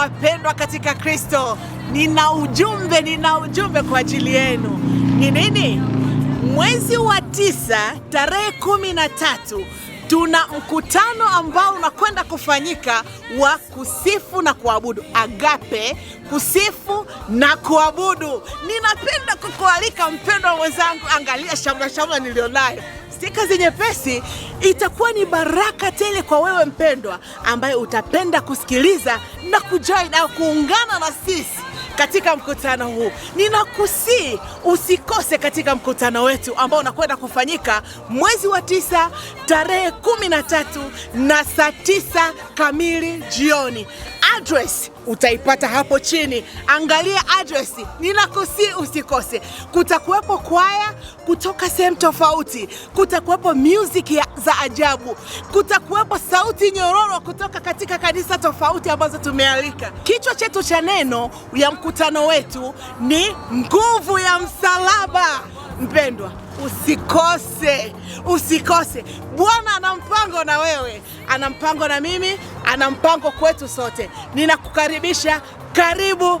wapendwa katika Kristo, nina ujumbe, nina ujumbe kwa ajili yenu. Ni nini? Mwezi wa tisa tarehe kumi na tatu tuna mkutano ambao unakwenda kufanyika wa kusifu na kuabudu, Agape, kusifu na kuabudu. Ninapenda kukualika mpendwa mwenzangu, angalia shamra shamra nilionayo stika pesi itakuwa ni baraka tele kwa wewe mpendwa, ambaye utapenda kusikiliza na kujoin au kuungana na sisi katika mkutano huu. Ninakusii usikose katika mkutano wetu ambao unakwenda kufanyika mwezi wa tisa tarehe kumi na tatu na saa tisa kamili jioni. Address utaipata hapo chini, angalia address. Ninakusii usikose. Kutakuwepo kwaya kutoka sehemu tofauti. Kutakuwepo music ya, za ajabu, kutakuwepo sauti nyororo kutoka katika kanisa tofauti ambazo tumealika. Kichwa chetu cha neno ya mkutano wetu ni nguvu ya msalaba. Mpendwa, usikose, usikose. Bwana ana mpango na wewe, ana mpango na mimi, ana mpango kwetu sote. Ninakukaribisha, karibu